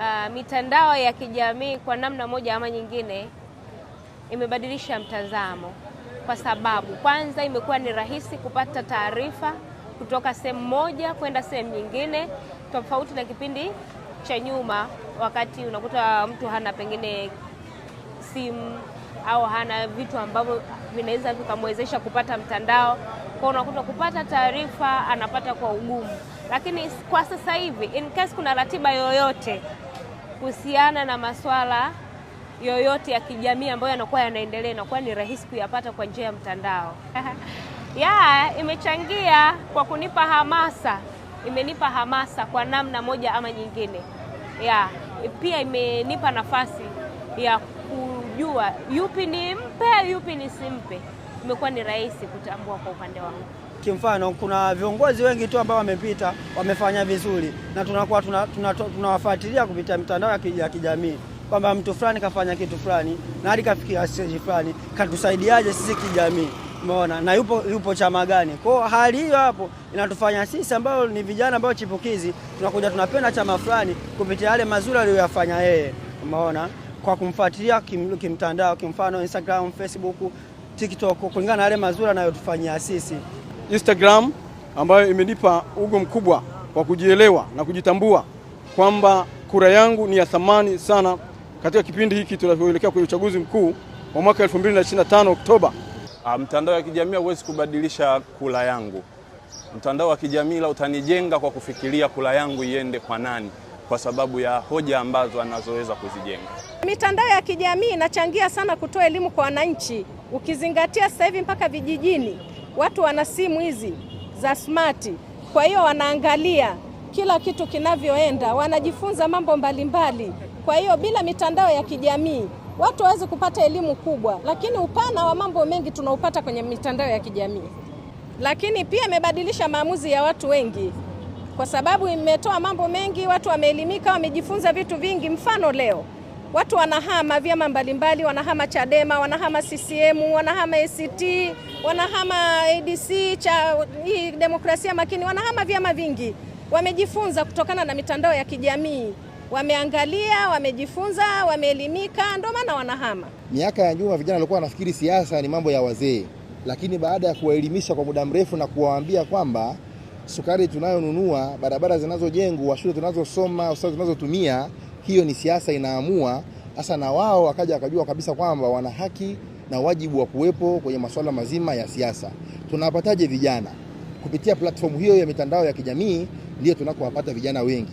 uh, mitandao ya kijamii kwa namna moja ama nyingine imebadilisha mtazamo, kwa sababu kwanza imekuwa ni rahisi kupata taarifa kutoka sehemu moja kwenda sehemu nyingine, tofauti na kipindi cha nyuma, wakati unakuta mtu hana pengine simu au hana vitu ambavyo vinaweza vikamwezesha kupata mtandao, kwa unakuta kupata taarifa anapata kwa ugumu, lakini kwa sasa hivi in case kuna ratiba yoyote kuhusiana na masuala yoyote ya kijamii ambayo yanakuwa yanaendelea, inakuwa ni rahisi kuyapata kwa njia ya mtandao. ya imechangia kwa kunipa hamasa, imenipa hamasa kwa namna moja ama nyingine. ya pia imenipa nafasi ya kujua yupi ni mpe, yupi ni simpe Imekuwa ni rahisi kutambua kwa upande wangu. Kimfano, kuna viongozi wengi tu ambao wamepita wamefanya vizuri na tunakuwa tunawafuatilia tuna, tuna kupitia mitandao ya kijamii kwamba mtu fulani kafanya kitu fulani na hadi kafikia stage fulani, katusaidiaje sisi kijamii, umeona, na yupo, yupo chama gani. Kwa hali hiyo hapo inatufanya sisi ambao ni vijana ambao chipukizi tunakuja tunapenda chama fulani kupitia yale mazuri aliyoyafanya yeye, umeona, kwa kumfuatilia kimtandao kim, kimfano Instagram, Facebook, TikTok, kulingana na yale mazuri anayotufanyia sisi. Instagram ambayo imenipa ugo mkubwa wa kujielewa na kujitambua kwamba kura yangu ni ya thamani sana katika kipindi hiki tunavyoelekea kwenye uchaguzi mkuu wa mwaka 2025 Oktoba. Ah, mtandao wa kijamii huwezi kubadilisha kura yangu. Mtandao wa kijamii la utanijenga kwa kufikiria kura yangu iende kwa nani, kwa sababu ya hoja ambazo anazoweza kuzijenga. Mitandao ya kijamii inachangia sana kutoa elimu kwa wananchi, ukizingatia sasa hivi mpaka vijijini watu wana simu hizi za smart, kwa hiyo wanaangalia kila kitu kinavyoenda, wanajifunza mambo mbalimbali mbali. Kwa hiyo bila mitandao ya kijamii watu hawezi kupata elimu kubwa, lakini upana wa mambo mengi tunaupata kwenye mitandao ya kijamii. Lakini pia imebadilisha maamuzi ya watu wengi, kwa sababu imetoa mambo mengi, watu wameelimika, wamejifunza vitu vingi. Mfano leo watu wanahama vyama mbalimbali, wanahama Chadema, wanahama CCM, wanahama ACT wanahama ADC cha hii demokrasia makini, wanahama vyama vingi. Wamejifunza kutokana na mitandao ya kijamii, wameangalia, wamejifunza, wameelimika, ndio maana wanahama. Miaka ya nyuma vijana walikuwa wanafikiri siasa ni mambo ya wazee, lakini baada ya kuwaelimisha kwa muda mrefu na kuwaambia kwamba sukari tunayonunua, barabara zinazojengwa, shule tunazosoma, hospitali tunazotumia, hiyo ni siasa inaamua. Sasa na wao wakaja wakajua kabisa kwamba wana haki na wajibu wa kuwepo kwenye masuala mazima ya siasa. Tunawapataje vijana? Kupitia platform hiyo ya mitandao ya kijamii ndiyo tunakowapata vijana wengi.